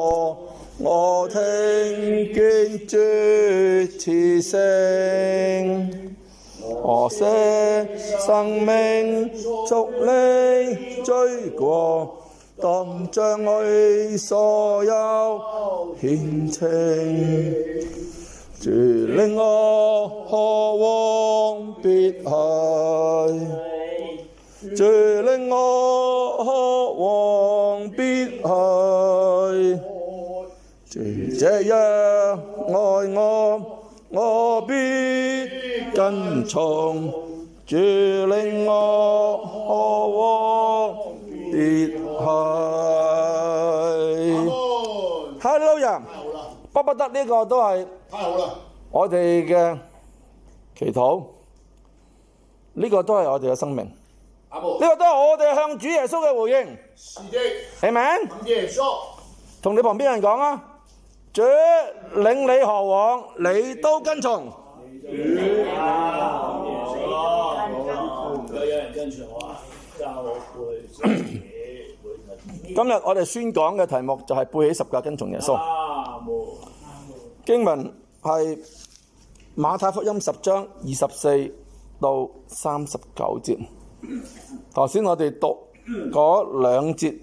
我，我聽見主慈聲，何惜生命逐你追過，當將去所有偏情，最令我渴望別去，最令我渴望別去。這樣愛我，我必跟從，主令我何往別去。阿 l 哈利人，不不得呢個都是我哋嘅祈禱，呢、這個都是我哋嘅生命。這呢個都是我哋向主耶穌嘅回應。是嗎咪？同耶穌，同你旁邊的人講啊！主領你何往，你都跟從。今日我哋宣講嘅題目就係背起十架跟從耶穌。經文係馬太福音十章二十四到三十九節。頭先我哋讀嗰兩節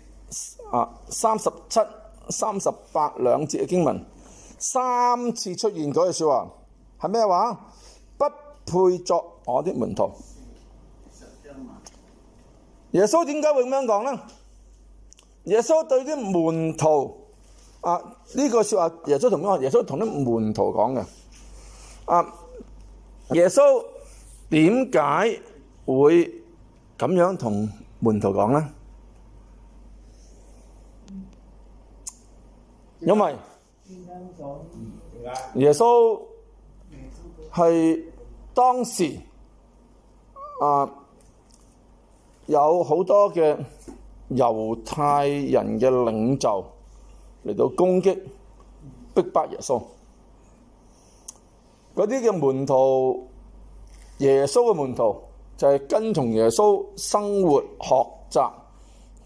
啊，三十七。三十八兩節嘅經文三次出現嗰句說話係咩話？不配作我的門徒。耶穌點解會咁樣講呢？耶穌對啲門徒啊，呢個說話，耶穌同咩話？耶穌同啲門徒講嘅啊，耶穌點解會咁樣同門徒講呢？因為耶穌係當時啊，有好多嘅猶太人嘅領袖嚟到攻擊，逼迫耶穌。嗰啲嘅門徒，耶穌嘅門徒就係跟從耶穌生活、學習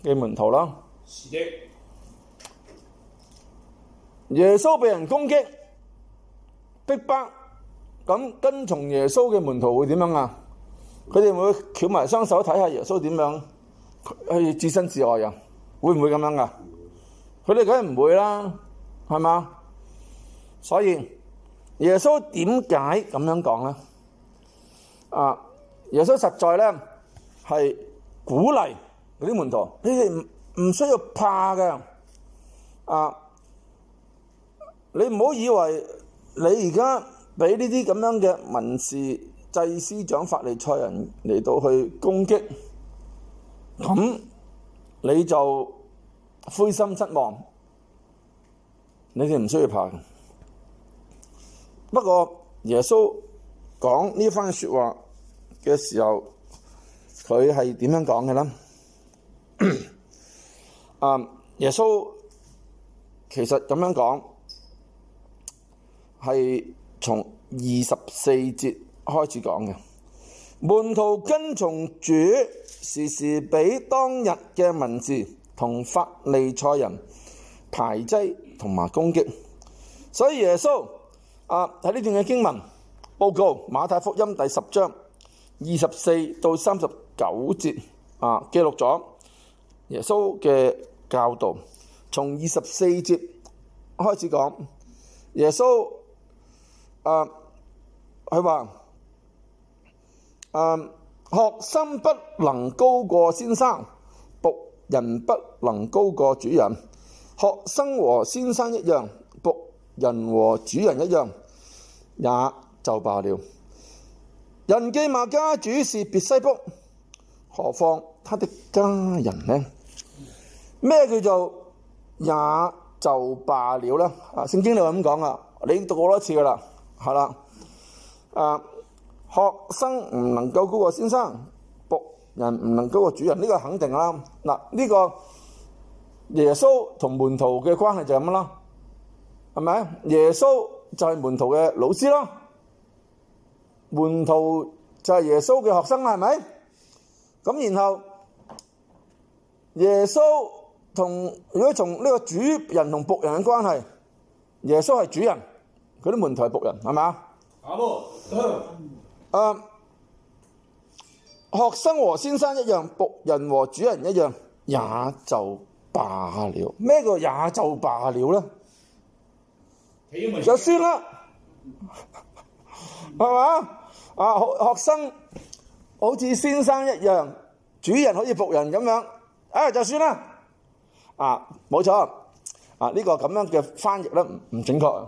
嘅門徒啦。耶穌被人攻擊逼迫，咁跟從耶穌嘅門徒會點樣啊？佢哋會翹埋雙手睇下耶穌點樣去置身事外啊？會唔會咁樣啊？佢哋梗係唔會啦，係嘛？所以耶穌點解咁樣講咧？啊，耶穌實在咧係鼓勵嗰啲門徒，你哋唔唔需要怕嘅啊。你唔好以為你而家畀呢啲咁樣嘅文士、祭司長、法利賽人嚟到去攻擊，咁你就灰心失望。你哋唔需要怕。不過耶穌講呢番說話嘅時候說，佢係點樣講嘅咧？啊，耶穌其實咁樣講。係從二十四節開始講嘅。門徒跟從主，時時俾當日嘅文士同法利賽人排擠同埋攻擊，所以耶穌啊喺呢段嘅經文報告馬太福音第十章二十四到三十九節啊，記錄咗耶穌嘅教導，從二十四節開始講耶穌。誒、uh，佢話誒，學生不能高過先生，僕人不能高過主人。學生和先生一樣，僕人和主人一樣，也就罷了。人既罵家主是別西卜，何況他的家人呢？咩叫做也就罷了呢？啊，聖經就係咁講噶，你已經讀過過多次噶啦。係啦，誒、啊，學生唔能夠高過先生，僕人唔能夠過主人，呢、呢個肯定啦。嗱、啊，呢、呢個耶穌同門徒嘅關係就咁啦，係咪？耶穌就係門徒嘅老師啦，門徒就係耶穌嘅學生啦，係咪？咁然後耶穌同如果從呢個主人同僕人嘅關係，耶穌係主人。佢啲門徒係僕人，係咪啊？啱喎。誒，學生和先生一樣，僕人和主人一樣，也就罷了。咩叫也就罷了呢？就罷了，就算啦，係嘛？啊，學生好似先生一樣，主人好似僕人咁樣，啊，就算啦。啊，冇錯。啊，呢、這個咁樣嘅翻譯咧，唔唔準確。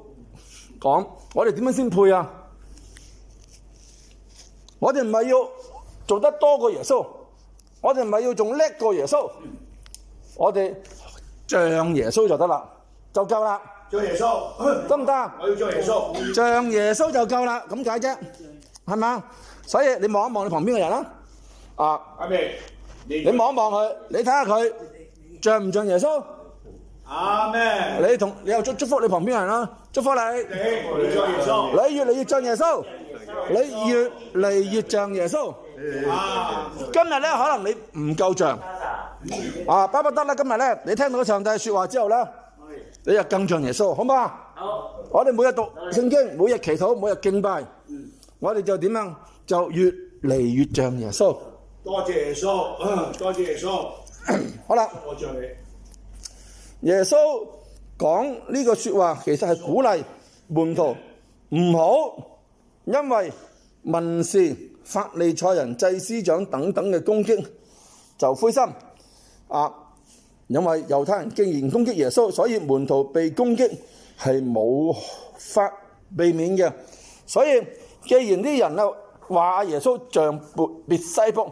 講，我哋點樣先配啊？我哋唔係要做得多過耶穌，我哋唔係要仲叻過耶穌，我哋像耶穌就得啦，就夠啦。像耶穌，得唔得？我要像耶穌，像耶穌就夠啦。咁解啫，係嘛？所以你望一望你旁邊嘅人啦，啊，啊，阿明，你望一望佢，你睇下佢，像唔像耶穌？阿咩？你同你又祝祝福你旁邊人啦，啊，祝福你。你越嚟越像耶穌，你越嚟越像耶穌耶穌啊。啊！今日咧可能你唔夠像啊，巴不得咧今日咧你聽到上帝說話之後咧，你又更像耶穌，好唔好？我哋每日讀聖經每，每日祈禱，每日敬拜，嗯、我哋就點樣就越嚟越像耶穌。多謝耶穌，多謝耶穌。好啦。好耶穌講呢個說話，其實係鼓勵門徒唔好因為文士、法利賽人、祭司長等等嘅攻擊就灰心啊！因為猶太人竟然攻擊耶穌，所以門徒被攻擊係冇法避免嘅。所以既然啲人啊話耶穌像別西卜，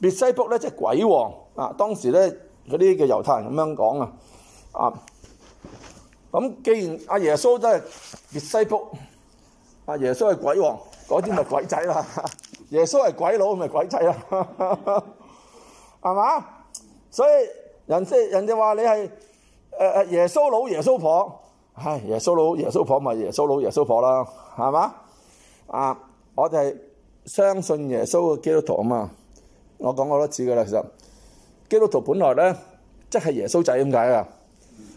別西卜咧即係鬼王啊！當時咧嗰啲嘅猶太人咁樣講啊。啊！咁既然阿耶穌都係別西卜，阿、啊、耶穌係鬼王，嗰啲咪鬼仔啦。耶穌係鬼佬，咪鬼仔啦，係嘛？所以人即人哋話你係誒誒耶穌佬、哎、耶穌婆、耶穌耶穌婆，係耶穌佬、耶穌婆，咪耶穌佬、耶穌婆啦，係嘛？啊！我哋係相信耶穌嘅基督徒啊嘛。我講過多次噶啦，其實基督徒本來咧即係耶穌仔咁解啊。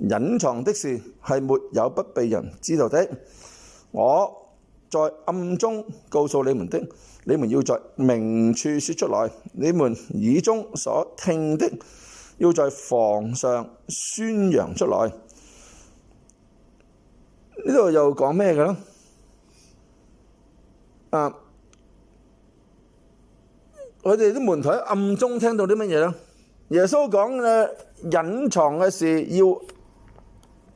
隱藏的事係沒有不被人知道的。我在暗中告訴你們的，你們要在明處說出來。你們耳中所聽的，要在房上宣揚出來。呢度又講咩嘅呢？啊，我哋啲門徒暗中聽到啲乜嘢呢？耶穌講嘅隱藏嘅事要。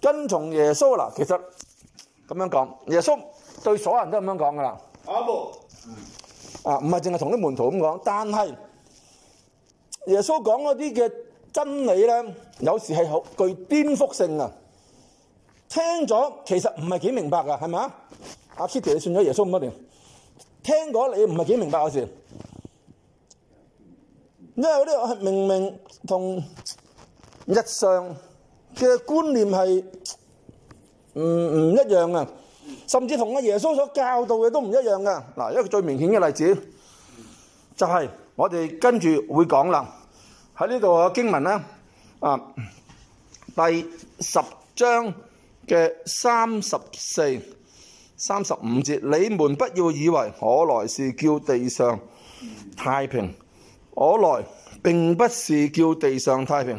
跟從耶穌嗱，其實咁樣講，耶穌對所有人都咁樣講噶啦。阿布，啊，唔係淨係同啲門徒咁講，但係耶穌講嗰啲嘅真理咧，有時係好具顛覆性啊！聽咗其實唔係幾明白噶，係咪啊？阿 Kitty，你信咗耶穌咁多年，聽咗你唔係幾明白有時，因為呢個係明明同日常。嘅觀念係唔唔一樣嘅，甚至同阿耶穌所教導嘅都唔一樣㗎。嗱，一個最明顯嘅例子，就係我哋跟住會講啦。喺呢度嘅經文咧，啊，第十章嘅三十四、三十五節，你們不要以為我來是叫地上太平，我來並不是叫地上太平。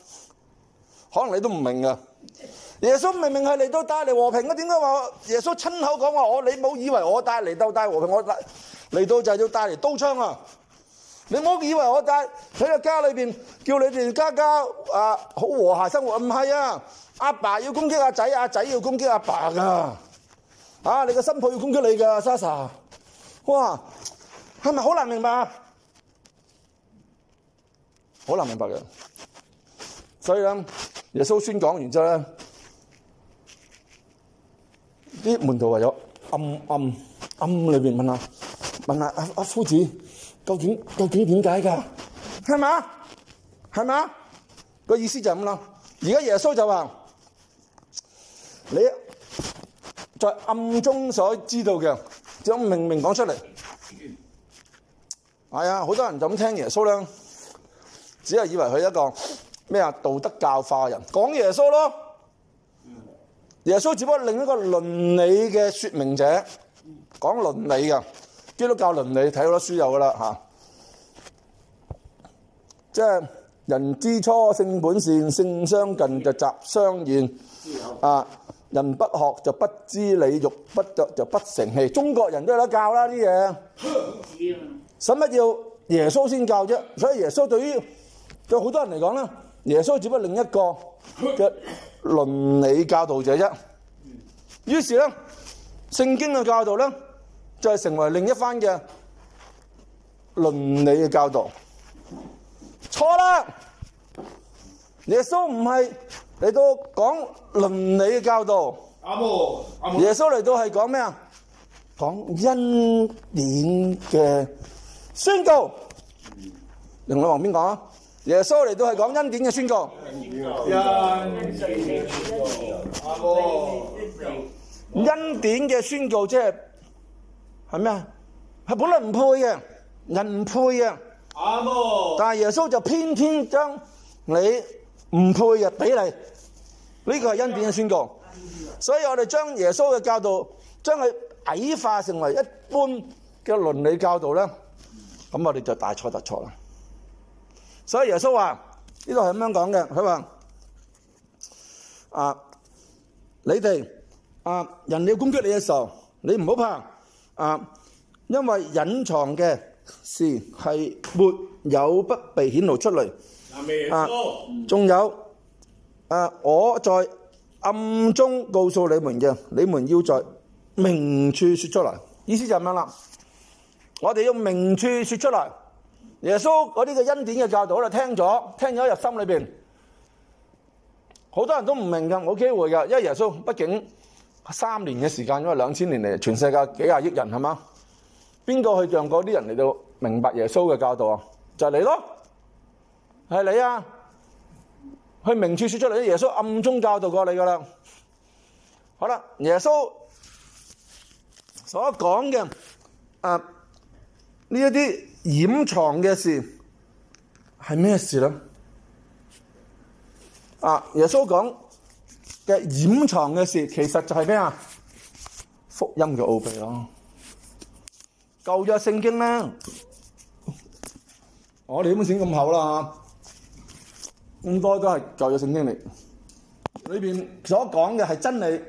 可能你都唔明啊！耶穌明明係嚟到帶嚟和平啊，點解話耶穌親口講話我？你冇以為我帶嚟到帶和平，我嚟嚟到就係要帶嚟刀槍啊！你冇以為我帶喺個家裏邊叫你哋家家啊好和諧生活唔係啊！阿爸要攻擊阿仔，阿仔要攻擊阿爸噶，啊！你個新抱要攻擊你噶，啊，莎莎，哇！係咪好難明白啊？好難明白嘅，所以呢。耶穌宣講完之後呢，啲門徒話咗暗暗暗裏邊問啊，問啊阿阿夫子，究竟究竟點解㗎？係嘛？係嘛？個意思就咁諗。而家耶穌就話：你在暗中所知道嘅，將明明講出嚟。係啊，好多人就咁聽耶穌咧，只係以為佢一個。咩啊？道德教化人講耶穌咯，耶穌只不過係另一個倫理嘅說明者，講倫理嘅基督教倫理，睇好多書有噶啦吓。即係人之初性本善，性相近就習相遠啊！人不學就不知理，欲不著就不成器。中國人都有得教啦，啲嘢。使乜要耶穌先教啫？所以耶穌對於有好多人嚟講咧。耶穌只不過另一個嘅倫理教導者啫，於是咧，聖經嘅教導咧，就係成為另一番嘅倫理嘅教導。錯啦，耶穌唔係嚟到講倫理嘅教導。阿木，阿木，耶穌嚟到係講咩啊？講恩典嘅宣告。另外，王邊講啊？耶穌嚟到係講恩典嘅宣告，恩典嘅宣告，即係係咩啊？係本來唔配嘅，人唔配嘅，阿但係耶穌就偏偏將你唔配嘅俾你，呢個係恩典嘅宣告。所以我哋將耶穌嘅教導，將佢矮化成為一般嘅倫理教導咧，咁我哋就大錯特錯啦。所以耶穌話，呢度係咁樣講嘅，佢話啊，你哋啊，人要攻擊你嘅時候，你唔好怕啊，因為隱藏嘅事係沒有不被顯露出嚟。啊，仲有啊，我在暗中告訴你們嘅，你們要在明處說出來。意思就咁樣啦，我哋要明處說出來。耶穌嗰啲嘅恩典嘅教導啦，聽咗聽咗入心裏面，好多人都唔明㗎，冇機會㗎，因為耶穌畢竟三年嘅時間，因為兩千年嚟，全世界幾廿億人係嘛，邊個去像嗰啲人嚟到明白耶穌嘅教導啊？就係你咯，係你啊，去明處說出嚟，耶穌暗中教導過你㗎喇。好啦，耶穌所講嘅誒呢一啲。掩藏嘅事係咩事呢？啊，耶穌講嘅掩藏嘅事，其實就係咩啊？福音嘅奧秘咯，舊約聖經啦。我哋啲本錢咁厚啦，咁多都係舊約聖經嚟，裏面所講嘅係真理，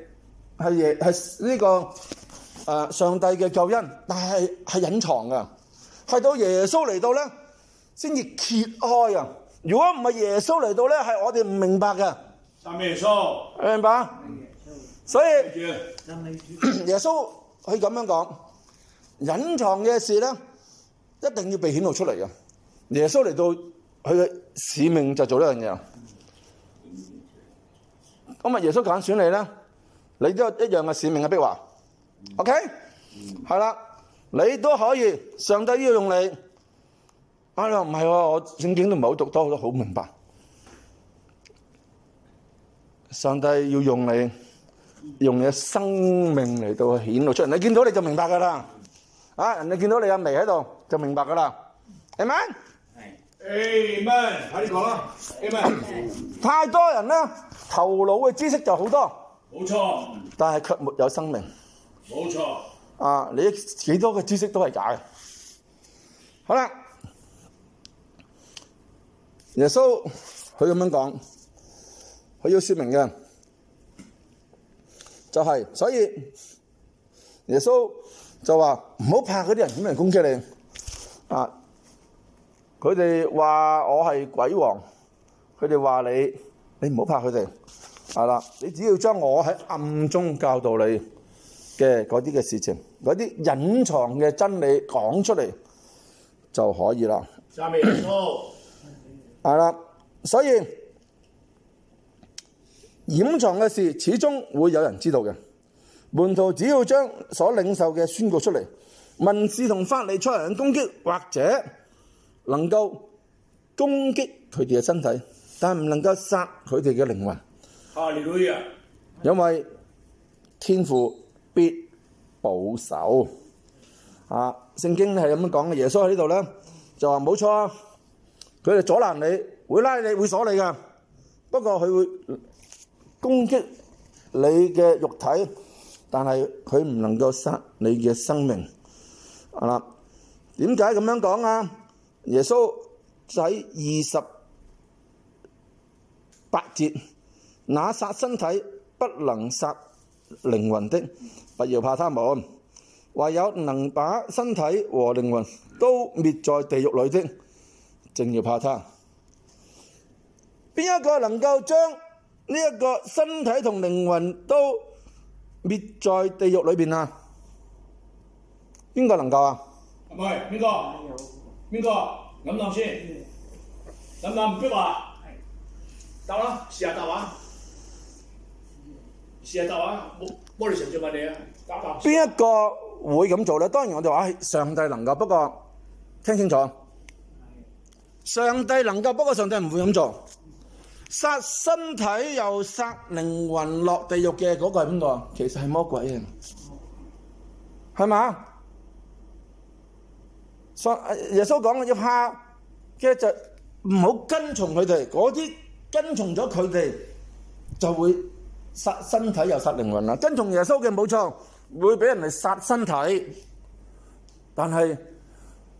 係耶呢個上帝嘅救恩，但係係隱藏嘅係到耶穌嚟到咧，先至揭開啊！如果唔係耶穌嚟到咧，係我哋唔明白嘅。信耶穌，明白？所以耶穌佢咁樣講，隱藏嘅事咧，一定要被顯露出嚟嘅。耶穌嚟到，佢嘅使命就做呢樣嘢。今日耶穌揀選你咧，你都有一樣嘅使命嘅譬如話。OK，係啦。你都可以，上帝都要用你。哎呀唔係喎，我聖經都唔係好讀多，都好明白。上帝要用你，用你嘅生命嚟到顯露出。你見到你就明白㗎喇。啊，人哋見到你阿眉喺度就明白㗎喇。Amen，Amen，快啲講啦。Amen，太多人啦，頭腦嘅知識就好多，冇錯。但係卻沒有生命，冇錯。啊！你幾多個知識都係假嘅。好啦，耶穌佢咁樣講，佢要說明嘅就係，所以耶穌就話唔好怕嗰啲人點樣攻擊你。啊！佢哋話我係鬼王，佢哋話你，你唔好怕佢哋。係啦，你只要將我喺暗中教導你。嘅嗰啲嘅事情，嗰啲隱藏嘅真理講出嚟就可以啦。係 啦，所以掩藏嘅事始終會有人知道嘅。門徒只要將所領受嘅宣告出嚟，文字同法理出嚟攻擊，或者能夠攻擊佢哋嘅身體，但係唔能夠殺佢哋嘅靈魂。啊，哈利路亞，因為天父。必保守啊！聖經係咁樣講嘅，耶穌喺呢度咧就話冇錯啊，佢哋阻攔你，會拉你，會鎖你噶。不過佢會攻擊你嘅肉體，但係佢唔能夠殺你嘅生命。啊啦，點解咁樣講啊？耶穌喺二十八節，那殺身體不能殺靈魂的，不要怕他們；唯有能把身體和靈魂都滅在地獄裏的，正要怕他。邊一個能夠將呢一個身體同靈魂都滅在地獄裏面啊？邊個能夠啊？唔係邊個？邊個諗諗先？諗諗唔必話。得啦，試下答話。是啊，得啊，魔魔力神最問你啊，邊一個會咁做咧？當然我哋話，上帝能夠，不過聽清楚，上帝能夠，不過上帝唔會咁做，殺身體又殺靈魂，落地獄嘅嗰個係邊個？其實係魔鬼啊，係嘛？所耶穌講要怕嘅就唔好跟從佢哋，嗰啲跟從咗佢哋就會。殺身體又殺靈魂啦，跟從耶穌嘅，冇錯，會俾人哋殺身體，但係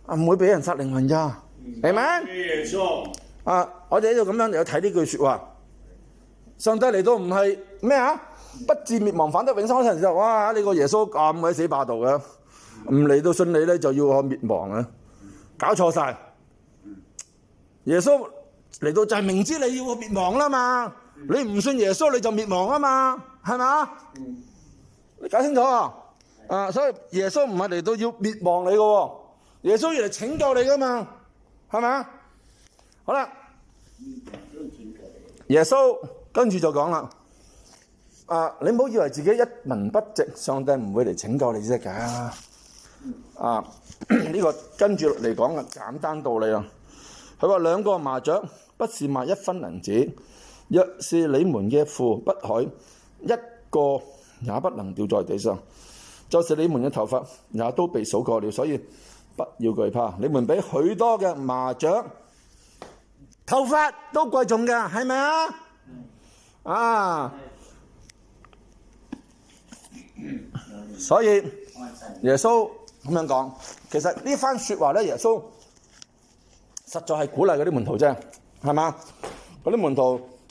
啊唔會俾人殺靈魂噶，明唔明？耶穌啊，我哋喺度咁樣又睇呢句說話，上帝嚟到唔係咩啊？不致滅亡，反得永生嗰陣時候，哇、啊！你個耶穌咁鬼死霸道嘅，唔嚟到信你咧就要去滅亡啊！搞錯晒，耶穌嚟到就係明知你要滅亡啦嘛。你唔信耶穌你就滅亡啊嘛，係咪？你搞清楚啊！所以耶穌唔係嚟到要滅亡你噶、啊，耶穌要嚟拯救你噶嘛，係咪？好啦，耶穌跟住就講啦，啊，你唔好以為自己一文不值，上帝唔會嚟拯救你啫噶，啊，啊，呢個跟住嚟講嘅簡單道理啊，佢話兩個麻雀不是賣一分銀子。若是你們嘅父不許一個也不能掉在地上，就是你們嘅頭髮也都被數過了，所以不要懼怕。你們比許多嘅麻雀頭髮都貴重嘅，係咪啊？啊！所以耶穌咁樣講，其實呢番説話咧，耶穌實在係鼓勵嗰啲門徒啫，係嘛？嗰啲門徒。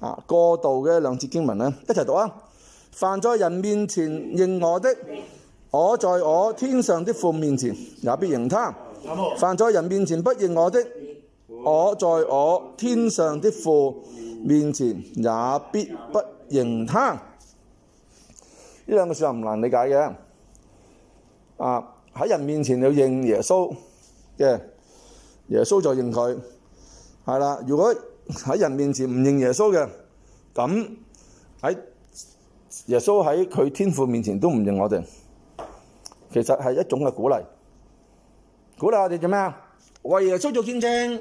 啊，過度嘅兩節經文咧，一齊讀啊！凡在人面前認我的，我在我天上的父面前也必認他；凡在人面前不認我的，我在我天上的父面前也必不認他。呢兩個説話唔難理解嘅。啊，喺人面前要認耶穌，耶穌就認佢。係啦，如果在人面前不認耶穌的，那麼在耶穌在他天父面前都不認我哋，其實是一種嘅鼓勵，鼓勵我們做咩啊？為耶穌做見證，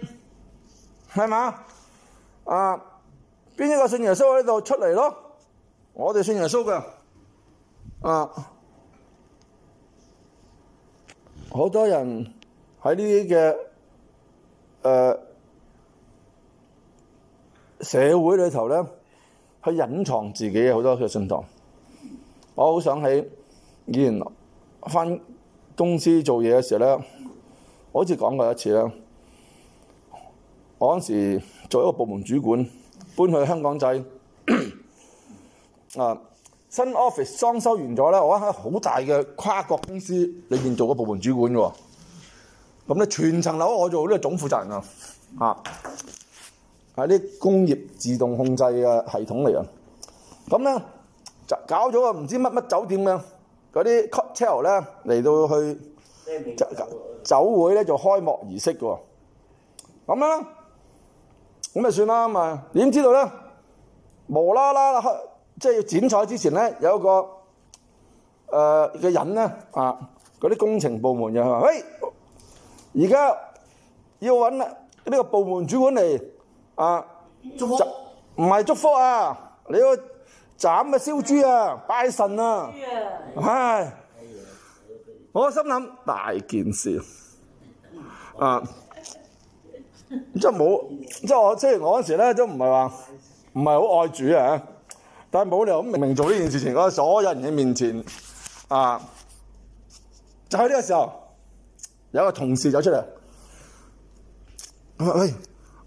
是嗎？啊，邊一個信耶穌喺度出來咯？我們信耶穌的啊，好多人在這啲嘅誒。呃社會裏頭咧，去隱藏自己嘅好多嘅信託。我好想起以前返公司做嘢嘅時候咧，我好似講過一次啦。我嗰時做一個部門主管，搬去香港仔啊，新 office 裝修完咗咧，我喺好大嘅跨國公司裏邊做個部門主管嘅喎。咁咧全層樓我做呢個總負責人啊，啊！係啲工業自動控制嘅系統嚟啊！咁咧就搞咗個唔知乜乜酒店嘅嗰啲 cutl 咧嚟到去酒會咧就開幕儀式嘅，咁咧咁咪算啦嘛？點知道咧無啦啦，即係要剪彩之前咧有個誒嘅人咧啊！嗰啲工程部門嘅話，喂，而家要揾啦呢個部門主管嚟。啊，祝唔係祝福啊！你要斬嘅燒豬啊，拜神啊，唉，我心諗大件事 啊，即係冇，即係我雖然我嗰時咧都唔係話唔係好愛主啊，但係冇理由明明做呢件事情，喺所有人嘅面前啊，就喺、是、呢個時候，有一個同事走出嚟，佢、哎、喂。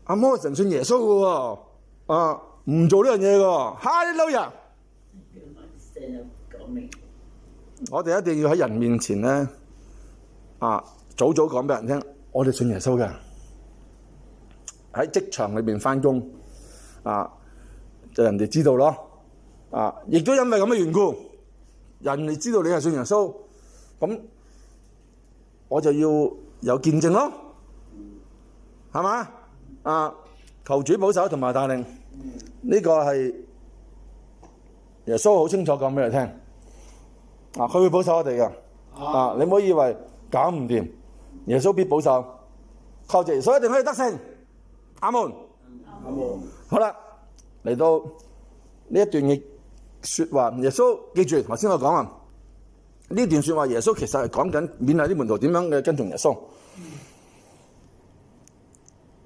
阿摩神信耶穌嘅喎，啊，唔做呢樣嘢嘅，嗨老人！我哋一定要喺人面前呢，啊，早早講俾人聽，我哋信耶穌嘅，喺職場裏面翻工，啊，就人哋知道咯，啊，亦都因為咁嘅緣故，人哋知道你係信耶穌，咁我就要有見證咯，係嘛？啊！求主保守同埋帶領，呢、這個係耶穌好清楚講俾你聽。啊，佢會保守我哋嘅、啊啊。啊，你唔好以為搞唔掂，耶穌必保守，靠耶穌一定可以得勝。阿門。阿門。阿門。好啦，嚟到呢一段嘅說話，耶穌記住，頭先我講啊，呢段說話耶穌其實係講緊勉勵啲門徒點樣嘅跟從耶穌。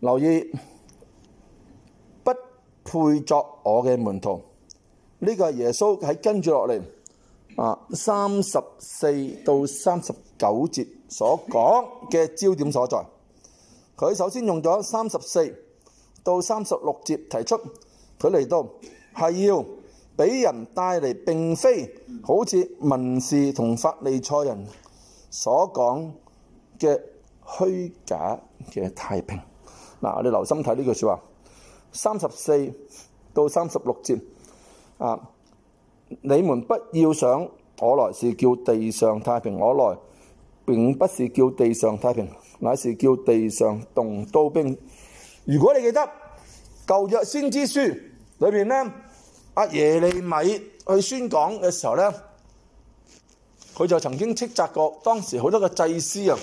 留意不配作我嘅門徒，呢個係耶穌喺跟住落嚟啊，三十四到三十九節所講嘅焦點所在。佢首先用咗三十四到三十六節提出佢嚟到係要俾人帶嚟，並非好似文士同法利賽人所講嘅虛假嘅太平。嗱，你留心睇呢句説話，三十四到三十六節啊！你們不要想我來是叫地上太平，我來並不是叫地上太平，乃是叫地上動刀兵。如果你記得舊約先知書裏邊咧，阿耶利米去宣講嘅時候咧，佢就曾經斥責過當時好多個祭司啊，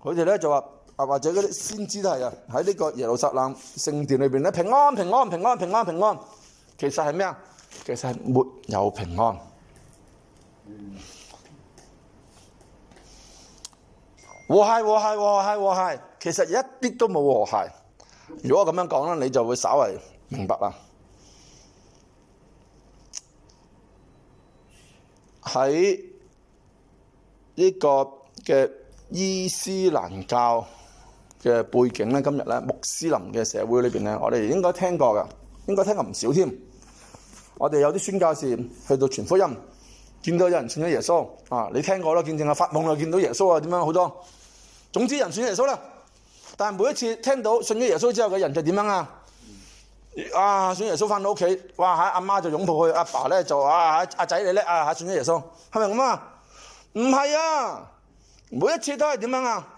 佢哋咧就話。啊，或者嗰啲先知都係啊，喺呢個耶路撒冷聖殿裏面咧，平安、平安、平安、平安、平安。其實係咩啊？其實係沒有平安。和諧、和諧、和諧、和諧。其實一啲都冇和諧。如果我咁樣講咧，你就會稍為明白啦。喺呢個嘅伊斯蘭教。嘅背景咧，今日咧穆斯林嘅社會裏邊咧，我哋應該聽過嘅，應該聽過唔少添。我哋有啲宣教士去到傳福音，見到有人信咗耶穌啊，你聽過啦，見證啊，發夢又見到耶穌啊，點樣好多。總之人信咗耶穌啦，但係每一次聽到信咗耶穌之後嘅人就點樣啊？啊，信耶穌翻到屋企，哇！阿媽就擁抱佢，阿爸咧就啊，阿仔你叻啊，信咗耶穌，係咪咁啊？唔係啊，每一次都係點樣啊？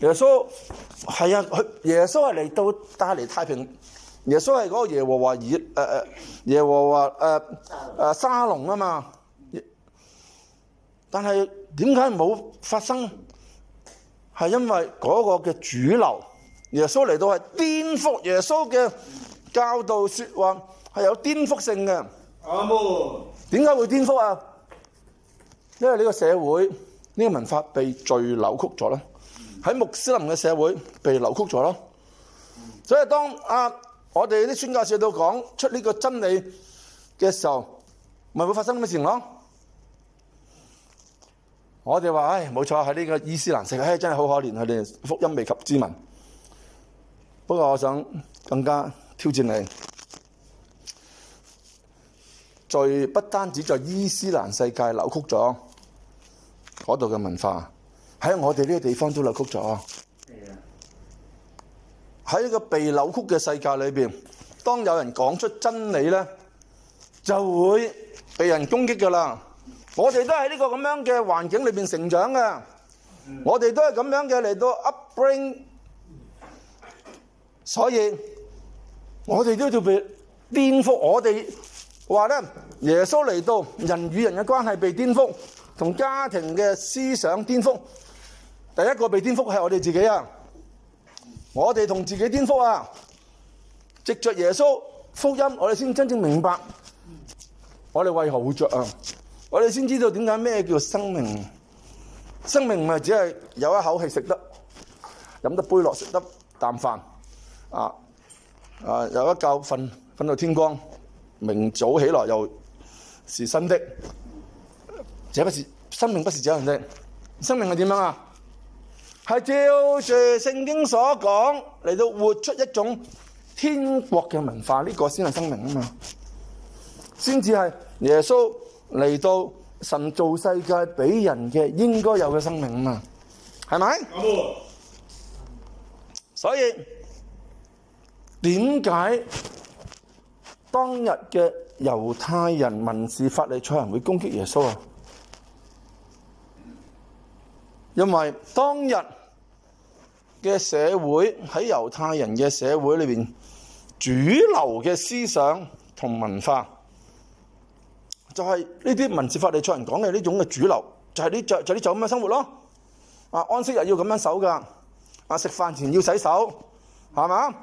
耶穌係啊，耶穌係嚟到帶嚟太平。耶穌係嗰個耶和華、呃、耶和華、呃呃、沙龍但、啊、嘛。但係點解冇發生？係因為嗰個嘅主流耶穌嚟到係顛覆耶穌嘅教導說話，係有顛覆性嘅。阿門。點解會顛覆啊？因為呢個社會呢、呢個文化被罪扭曲咗喺穆斯林嘅社會被扭曲咗咯，所以當啊我哋啲宣教士都講出呢個真理嘅時候，咪會發生咁嘅事咯。我哋話唉，冇錯，喺呢個伊斯蘭世界，唉真係好可憐，佢哋福音未及之民。不過我想更加挑戰你，在不單止在伊斯蘭世界扭曲咗嗰度嘅文化。喺我哋呢個地方都扭曲咗。喺呢個被扭曲嘅世界裏邊，當有人講出真理咧，就會被人攻擊噶啦。我哋都喺呢個咁樣嘅環境裏邊成長嘅，我哋都係咁樣嘅嚟到 upbring。所以，我哋都要特別顛覆。我哋話咧，耶穌嚟到，人與人嘅關係被顛覆，同家庭嘅思想顛覆。第一個被顛覆是我哋自己啊！我哋同自己顛覆啊！藉着耶穌福音，我哋先真正明白，我哋為何會着啊！我哋先知道點解咩叫生命？生命咪只係有一口氣食得、飲得杯落、食得啖飯啊！啊，有一覺瞓瞓到天光，明早起來又是新的。這不是生命，不是這樣的。生命係點樣啊？係照住聖經所講嚟到活出一種天國嘅文化，呢個先係生命啊嘛，先至係耶穌嚟到神造世界俾人嘅應該有嘅生命啊嘛，係咪？所以點解當日嘅猶太人文士法利賽人會攻擊耶穌啊？因為當日嘅社會喺猶太人嘅社會裏邊，主流嘅思想同文化就係呢啲文士法利賽人講嘅呢種嘅主流，就係呢就就呢種咁嘅生活咯。啊，安息日要咁樣守噶。啊，食飯前要洗手，係嘛？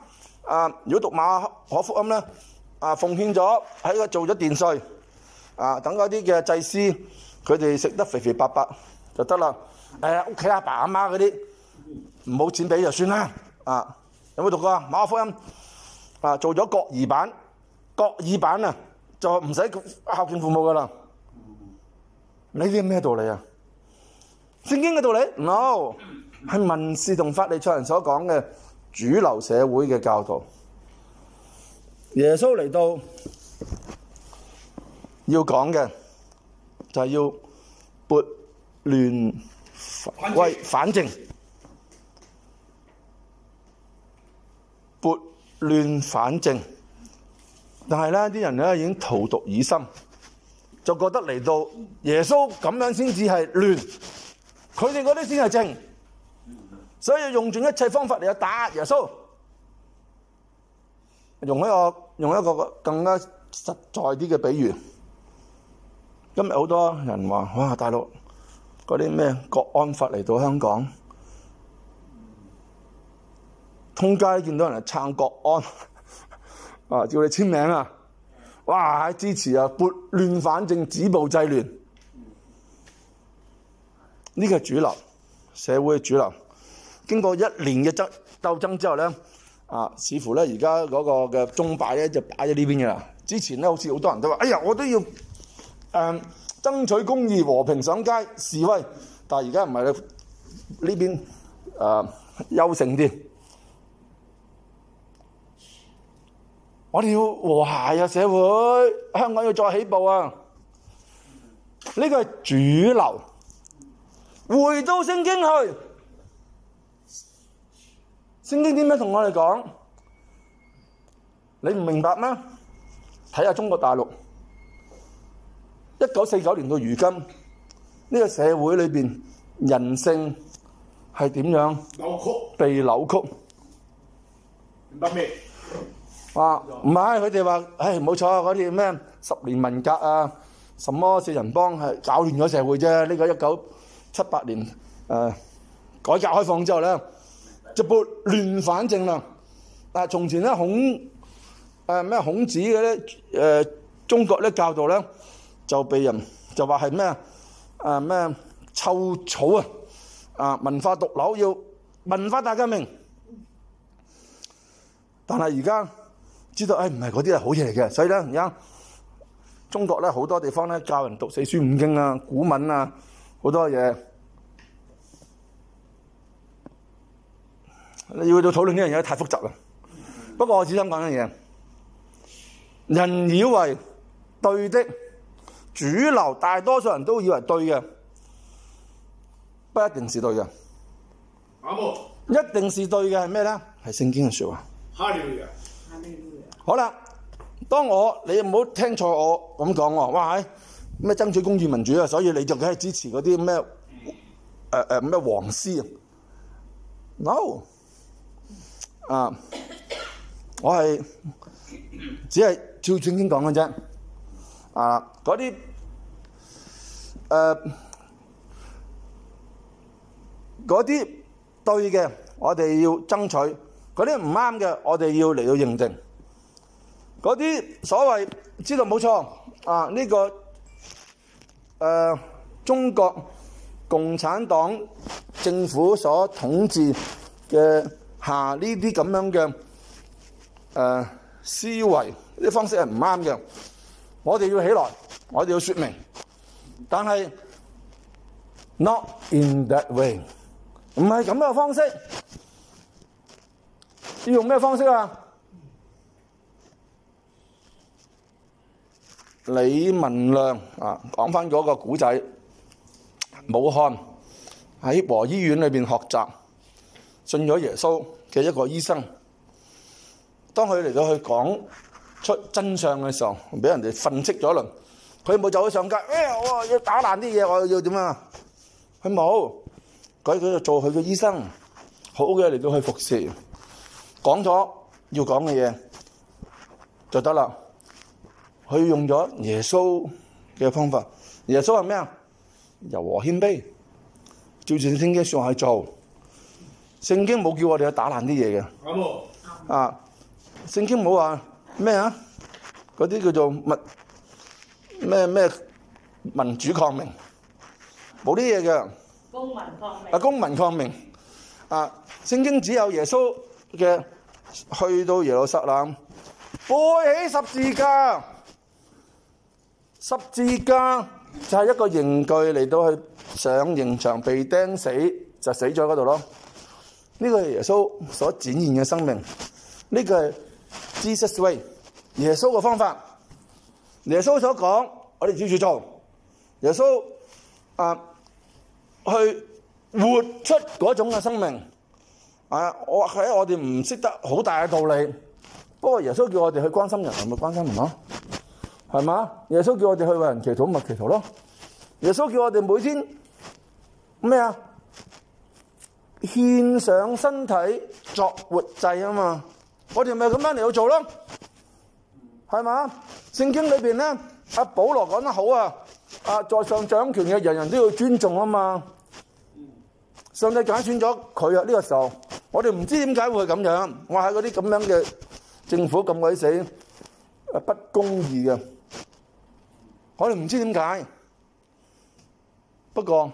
啊，如果讀馬可福音咧，啊奉獻咗喺個做咗殿稅啊，等嗰啲嘅祭司佢哋食得肥肥白白就得啦。誒，屋企阿爸阿媽嗰啲唔好錢俾就算啦。啊，有冇讀過馬可福音啊？做咗國語版，國語版啊，就唔使孝敬父母噶啦。呢啲咩道理啊？聖經嘅道理 no，係民事同法理上人所講嘅主流社會嘅教導。耶穌嚟到要講嘅就係要撥亂。喂，反正撥亂反正，但係咧啲人咧已經荼毒已深，就覺得嚟到耶穌咁樣先至係亂，佢哋嗰啲先係正，所以用盡一切方法嚟打壓耶穌。用一個用一個更加實在啲嘅比喻，今日好多人話哇，大佬。」嗰啲咩國安法嚟到香港，通街見到人嚟撐國安，啊叫你簽名啊，哇支持啊撥亂反正止暴制亂，呢個主流社會嘅主流，經過一年嘅爭鬥爭之後咧，啊似乎咧而家嗰個嘅鐘擺咧就擺喺呢邊噶啦。之前咧好似好多人都話，哎呀我都要誒。嗯爭取公義和平上街示威，但係而家唔係呢邊誒，優勝啲。我哋要和諧呀，社會，香港要再起步啊！呢個係主流。回到聖經去，聖經點樣同我哋講？你唔明白嗎？睇下中國大陸。一九四九年到如今呢個社會裏邊人性係點樣？扭曲，被扭曲。明白咩？啊，唔係佢哋話，唉，冇錯嗰啲咩十年文革啊，什麼四人幫係搞亂咗社會啫。呢個一九七八年誒改革開放之後咧，就撥亂反正啦。但係從前咧孔誒咩孔子嘅咧誒中國咧教導咧。就被人就話係咩啊？咩臭草啊？啊，文化毒瘤，要文化大革命，但係而家知道誒唔係嗰啲係好嘢嚟嘅，所以呢而家中國咧好多地方咧教人讀四書五經啊、古文啊，好多嘢你要到討論呢樣嘢太複雜喇，不過我只想講一樣嘢，人以為對的。主流大多數人都以為對嘅，不一定係對嘅，啊。一定係對嘅係咩呢？係聖經嘅説話。哈好啦，當我你唔好聽錯我咁講喎。哇係，咩爭取公義民主啊？所以你就係支持嗰啲咩誒誒咩黃絲 No 啊， 我係只係照聖經講嘅啫。啊！嗰啲誒嗰啲對嘅，我哋要爭取；嗰啲唔啱嘅，我哋要嚟到認定。嗰啲所謂知道冇錯啊？呢個誒、啊、中國共產黨政府所統治嘅下呢啲咁樣嘅誒、啊、思維，啲方式係唔啱嘅。我哋要起來，我哋要說明，但係 Not in that way，唔係咁嘅方式，要用咩方式啊？李文亮啊，講翻嗰個古仔，武漢喺和醫院裏邊學習，信咗耶穌嘅一個醫生，當佢嚟到去講。出真相嘅時候，俾人哋訓斥咗一輪。佢冇走去上街，哎呀，我要打爛啲嘢，我要點啊？佢冇，佢佢就做佢嘅醫生，好嘅嚟到去服侍，講咗要講嘅嘢就得啦。佢用咗耶穌嘅方法。耶穌係咩啊？柔和謙卑，照住聖經說話去做。聖經冇叫我哋去打爛啲嘢嘅。啊，聖經冇話。咩啊？嗰啲叫做物咩咩民主抗命，冇啲嘢嘅。公民抗命啊！公民抗命啊！聖經只有耶穌嘅去到耶路撒冷背起十字架，十字架就係一個刑具嚟到去上刑場被釘死就死咗喺嗰度咯。呢個係耶穌所展現嘅生命，呢個係。Jesus way，耶穌嘅方法，耶穌所講，我哋照住做，耶穌啊，去活出嗰種嘅生命啊！我喺我哋唔識得好大嘅道理，不過耶穌叫我哋去關心人，咪關心人咯？係嘛？耶穌叫我哋去為人祈禱，咪祈禱咯。耶穌叫我哋每天咩啊？獻上身體作活祭啊嘛！我哋咪咁樣嚟去做咯，係嘛？聖經裏邊咧，阿保羅講得好啊，阿在上掌權嘅，人人都要尊重啊嘛。上帝揀選咗佢啊，呢個時候我哋唔知點解會咁樣。我喺嗰啲咁樣嘅政府咁鬼死不公義嘅，我哋唔知點解。不過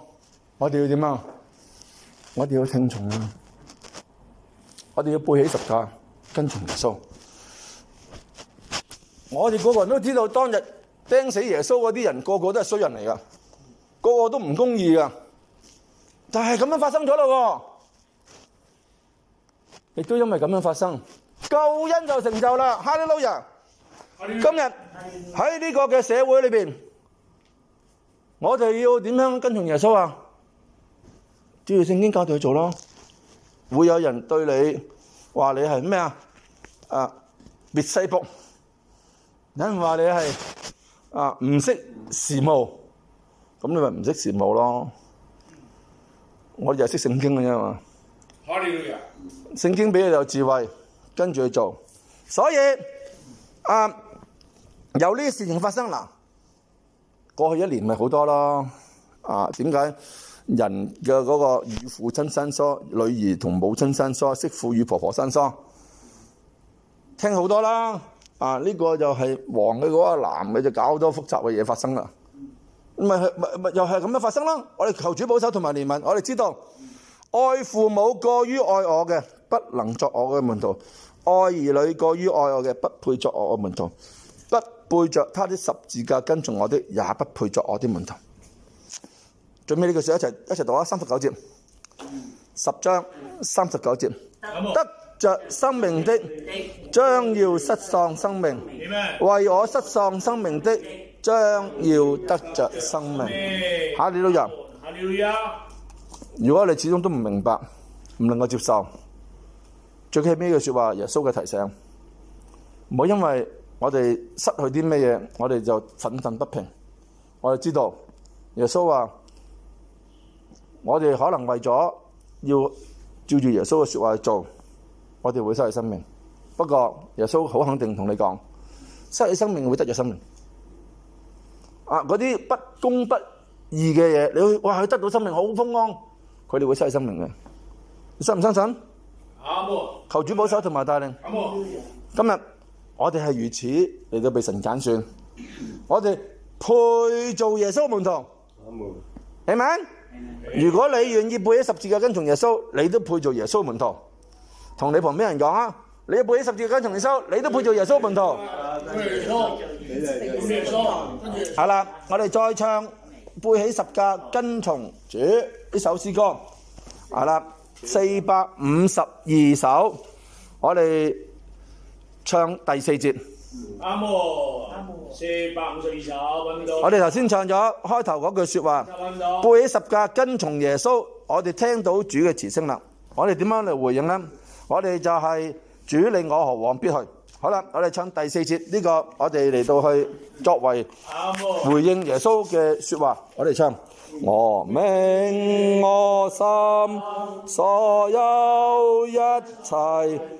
我哋要點啊？我哋要聽從啊！我哋要背起十字架。跟從耶穌，我哋個個人都知道當日釘死耶穌嗰啲人個個都係衰人嚟噶個個都唔公義噶但係咁樣發生咗咯，亦都因為咁樣發生，救恩就成就啦。哈利路亞！今日喺呢個嘅社會裏面，我哋要點樣跟從耶穌啊？照住聖經教導去做咯，會有人對你。話你係咩啊？啊，別西卜，有人話你係啊，唔識時務，咁你咪唔識時務咯。我哋又識聖經嘅啫嘛。聖經俾你有智慧，跟住去做。所以啊，有呢啲事情發生啦。過去一年咪好多咯。啊，點解？人嘅嗰個與父親生疏，女兒同母親生疏，媳婦與婆婆生疏，聽好多啦。啊，呢個就係黃嘅，嗰個男嘅就搞好多複雜嘅嘢發生啦。咪係，咪又係咁樣發生啦。我哋求主保守同埋憐憫。我哋知道，愛父母過於愛我嘅，不能作我嘅門徒；愛兒女過於愛我嘅，不配作我嘅門徒；不背着他啲十字架跟從我的，也不配作我啲門徒。最尾呢句說，一齊一齊讀啊，三十九節，十章三十九節，得着生命的，將要失喪生命，為我失喪生命的，將要得着生命。哈利路亞，哈利路亞，如果你始終都唔明白，唔能夠接受，最緊係呢句說話，耶穌嘅提醒，唔好因為我哋失去啲咩嘢，我哋就憤憤不平。我哋知道耶穌話。我哋可能為咗要照住耶穌嘅說話去做，我哋會失去生命。不過耶穌好肯定同你講，失去生命會得着生命。啊，嗰啲不公不義嘅嘢，你去哇去得到生命好豐安，佢哋會失去生命嘅。你信唔相信？阿們，求主保守同埋帶領。阿們。今日我哋係如此嚟到被神揀選，我哋配做耶穌的門徒。阿、嗯、們。係咪？如果你願意背起十字架跟從耶穌，你都配做耶穌門徒。同你旁邊人講啊，你背起十字架跟從耶穌，你都配做耶穌門徒。好啦，我哋再唱背起十架跟從主呢首詩歌。好啦，四百五十二首，我哋唱第四節。啱喎，四百五十二首，揾唔到。我哋頭先唱咗開頭嗰句說話，揾唔到。背起十架，跟從耶穌，我哋聽到主嘅慈聲啦。我哋點樣嚟回應呢？我哋就係主領我何往必去。好啦，我哋唱第四節呢個，我哋嚟到去作為回應耶穌嘅說話。我哋唱，我命我心所有一切。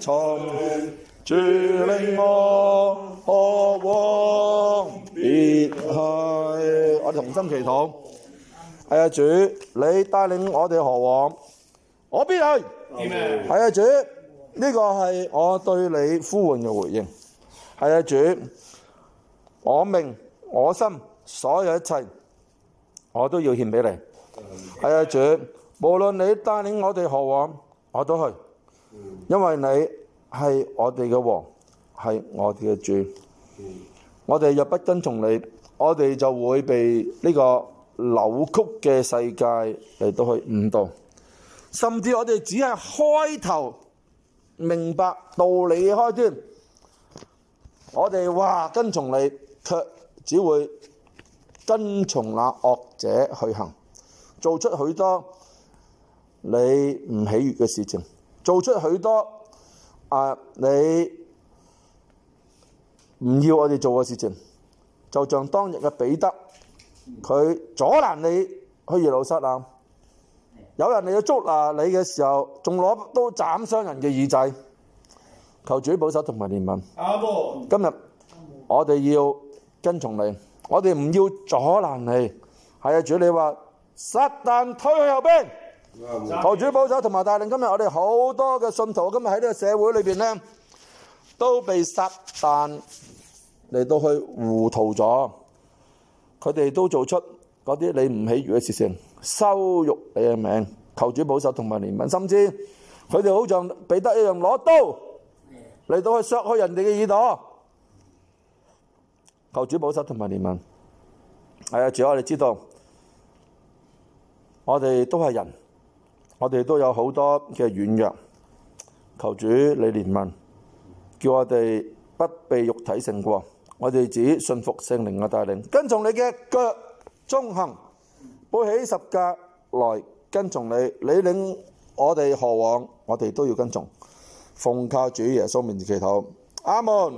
從，主令我何往？別去，我哋同心祈禱。係啊，主，你帶領我哋何往？我必去。係啊，主，呢個係我對你呼喚嘅回應。係啊，主，我命，我心，所有一切，我都要獻俾你。係啊，主，無論你帶領我哋何往，我都去。因為你係我哋嘅王，係我哋嘅主，我哋若不跟從你，我哋就會被呢個扭曲嘅世界嚟到去誤導，甚至我哋只係開頭明白道理開端，我哋話，跟從你，卻只會跟從那惡者去行，做出許多你唔喜悅嘅事情。做出許多啊，你唔要我哋做嘅事情，就像當日嘅彼得，佢阻攔你去耶路撒冷。有人嚟捉拿你嘅時候，仲攞刀斬傷人嘅耳仔，求主保守同埋憐憫。今日我哋要跟從你，我哋唔要阻攔你。係啊，主你話，撒旦推去後邊。求主保守同埋帶領，今日我哋好多嘅信徒今日喺呢個社會裏邊咧，都被撒旦嚟到去糊塗咗，佢哋都做出嗰啲你唔喜悅嘅事情，羞辱你嘅名。求主保守同埋憐憫甚至，佢哋好像彼得一樣攞刀嚟到去削開人哋嘅耳朵。求主保守同埋憐憫，係啊！只要我哋知道，我哋都係人。我哋都有好多嘅軟弱，求主你憐憫，叫我哋不被肉體勝過。我哋只信服聖靈嘅帶領，跟從你嘅腳蹤行，背起十架來跟從你。你領我哋何往，我哋都要跟從。奉靠主耶穌名祈禱，阿門。